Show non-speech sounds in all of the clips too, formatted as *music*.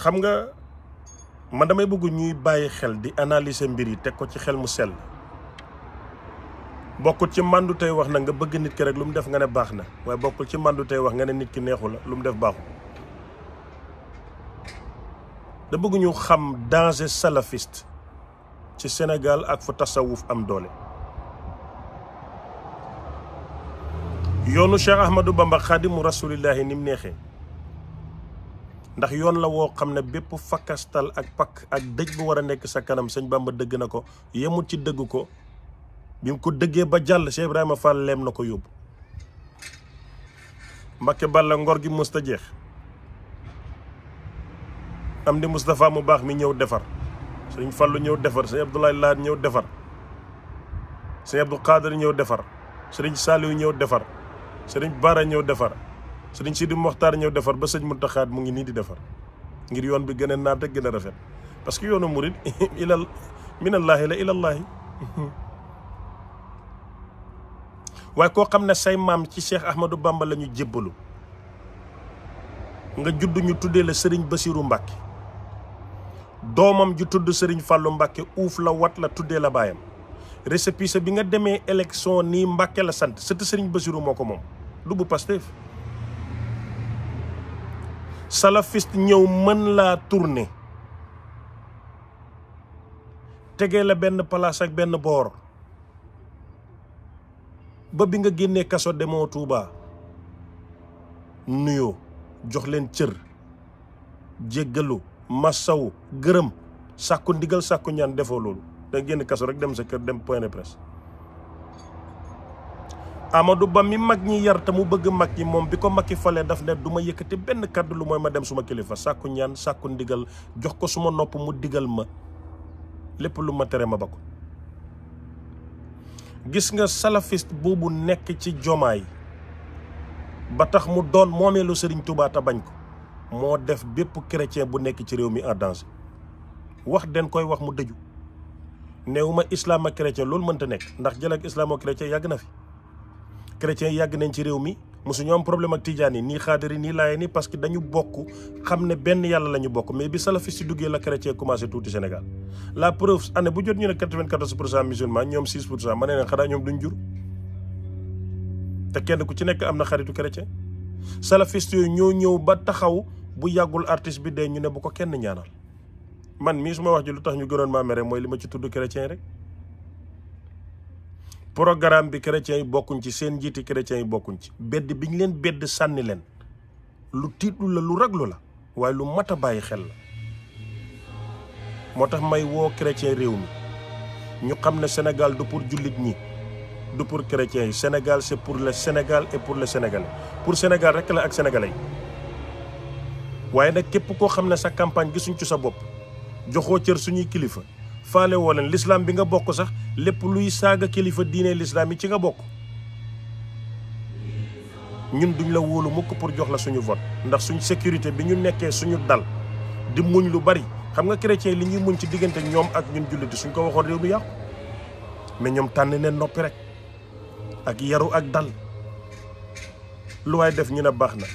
xam nga man damay bëgg ñuy bàyyi xel di analyser mbir yi teg ko ci xel mu sell bokkul ci màndu tey wax na nga bëgg nit ki rek lu mu def nga ne baax na waaye bokkul ci màndu tey wax nga ne nit ki neexu la lu mu def baaxu da bëgguñu xam danger salafiste ci senegal ak fu tasawuf am doole yoonu Cheikh Ahmadou Bamba xaadimu rasulillahi ni mu neexee ndax yoon la woo xam ne bépp fakkastal ak pakk ak dëj bu war a nekk sa kanam sëñ Bamba dëgg na ko yemul ci dëgg ko bi mu ko dëggee ba jàll Cheikh Ibrahima Fall leem na ko yóbbu Mbacke Balla ngor gi musta jeex am di Moustapha mu baax mi ñëw defar sëñ Fallu ñëw defar sëñ Abdoulaye ñëw defar sëñ Abdou Khadir ñëw defar sëriñ Saliou ñëw defar sëriñ Bara ñëw defar sëriñ Sidi Moxtaar ñëw defar ba sëñ Muntaxaat mu ngi nii di defar ngir yoon bi gën a naat ak gën a rafet parce que yoonu murit *laughs* ilal minallaahi la ilallaahi *laughs* waaye koo xam ne say maam ci Cheikh Ahmadou Bamba la ñu jébbalu nga juddu ñu tuddee la sëriñ basiiru Mbàkke doomam ju tudd sëriñ Fàllu Mbàkke uuf la wat la tuddee la baayam récépissé bi nga demee élection nii Mbàkke la sant sëtu sëriñ Basiru moo ko moom du bu Pastef salafiste ñëw mën laa tourner tegee la benn place ak benn boor ba bi nga génnee kaso demoo Touba nuyoo jox leen cër jéggalu massawu gërëm sàkku ndigal sàkku ñaan defoo loolu da génn kaso rek dem sa kër dem point de presse amadu Ba mi mag ñi yar te mu bëgg mag ñi moom bi ko Macky falee daf ne du ma yëkkati benn kàddu lu mooy ma dem suma kilifa sàkku ñaan sàkku ndigal jox ko suma nopp mu digal ma lépp lu ma tere ma ba ko gis nga salafiste boobu nekk ci jomaay ba tax mu doon moomeelu Serigne Touba te bañ ko moo def bépp chrétien bu nekk ci réew mi en danger wax den koy wax mu dëju néew ma islam ak chrétien loolu mënta nekk ndax jël ak islam yàgg na fi. chrétiens yàgg nañ ci réew mi mosu ñu problème ak tijaan yi nii xaadar yi nii laayeen yi parce que dañu bokk xam ne benn yàlla la ñu bokk mais bi salafiste duggee la chrétien commencé tuuti Sénégal la preuve année bu jot ñu ne 94 pour cent musulman ñoom 6 ma ne leen xanaa ñoom duñ jur te kenn ku ci nekk am na xaritu chrétien salafiste yooyu ñoo ñëw ba taxaw bu yàggul artiste bi dee ñu ne bu ko kenn ñaanal man mii su wax ji lu tax ñu gënoon maa mere mooy li ma ci tudd chrétien rek programme bi chrétiens yi bokkuñ ci seen njiiti chrétiens yi bokkuñ ci bedd bi ñu leen bedd sànni leen lu tiitlu la lu raglu la waaye lu mat a bàyyi xel la moo tax may woo chrétien réew mi ñu xam ne Sénégal du pour jullit ñi du pour chrétiens yi Sénégal c'est pour le Sénégal et pour le Sénégalais pour Sénégal rek la ak sénégalais yi waaye nag képp koo xam ne sa campagne gisuñ ci sa bopp joxoo cër suñuy kilifa faale woo leen lislaam bi nga bokk sax lépp luy saaga kilifa diine lislaam yi ci nga bokk ñun duñ la wóolu mukk pour jox la suñu vote ndax suñ sécurité bi ñu nekkee suñu dal di muñ lu bari xam nga chrétien li ñuy muñ ci diggante ñoom ak ñun julliti suñ ko waxoon réew mi yàqu mais ñoom tànn ne noppi rek ak yaru ak dal lu waay def ñu ne baax na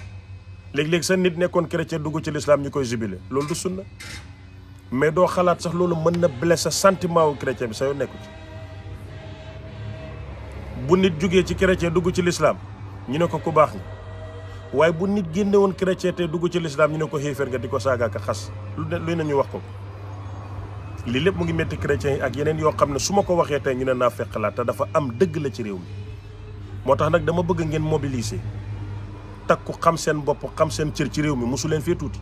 léeg-léeg sa nit nekkoon chrétien dugg ci lislaam ñu koy jubile loolu du sunna mais doo xalaat sax loolu mën na blesser sentiment wu chrétien bi sa yoon nekku ci bu nit jógee ci chrétien dugg ci lislaam ñu ne ko ku baax nga waaye bu nit génne woon chrétien te dugg ci lislaam ñu ne ko xéeféer nga di ko saaga ak xas lu ne luy ñu wax ko lii lépp mu ngi metti chrétiens ak yeneen yoo xam ne su ma ko waxee tey ñu ne naa fekk la te dafa am dëgg la ci réew mi moo tax nag dama bëgg ngeen mobiliser takku xam seen bopp xam seen cër ci réew mi mosu leen fee tuuti.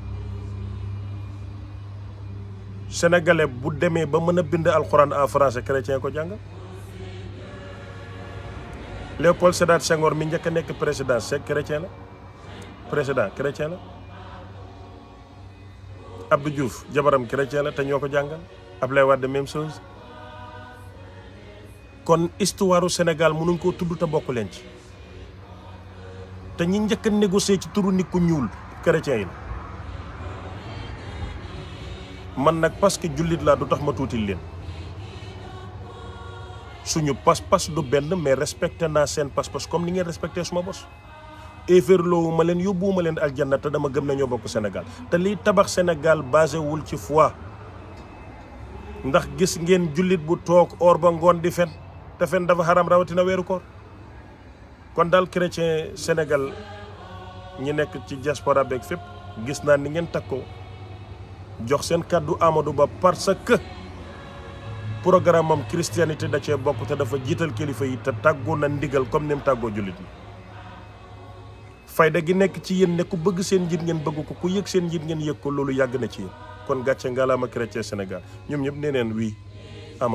sénégalais bu demee ba mën a bind alxuraan en français chrétien ko jàng Léopold Sédar Senghor mi njëkk a nekk président c'est chrétien la président chrétien la Abdou jabaram chrétien la te ñoo ko jàngal Abdoulaye Wade même chose kon histoire u Sénégal mënuñ koo tudd te bokk leen ci te ñi njëkk a négocier ci turu nit ku ñuul chrétien yi la man nag parce que jullit laa du tax ma tuuti leen suñu pas-pas du benn mais respecté naa seen pas-pas comme ni ngeen respecté suma bos éferloowu ma leen yóbbuwuma leen aljanna te dama gëm nañoo bokk Sénégal te liy tabax Sénégal basé wul ci foi ndax gis ngeen jullit bu toog or ba ngoon di fen te fen dafa xaram rawatina weeru koor kon daal chrétien Sénégal ñi nekk ci diaspora beeg fépp gis naa ni ngeen takkoo jox seen kàddu amadu Ba parce que programme am da cee bokk te dafa jiital kilifa yi te tàggoo na ndigal comme ni tàggoo jullit ñi fayda gi nekk ci yéen ne ku bëgg seen njiit ngeen bëgg ko ku yëg seen njiit ngeen yëg ko loolu yàgg na ci yéen kon gàcce ngalaama chrétien Sénégal ñoom ñëpp nee neen wii Ba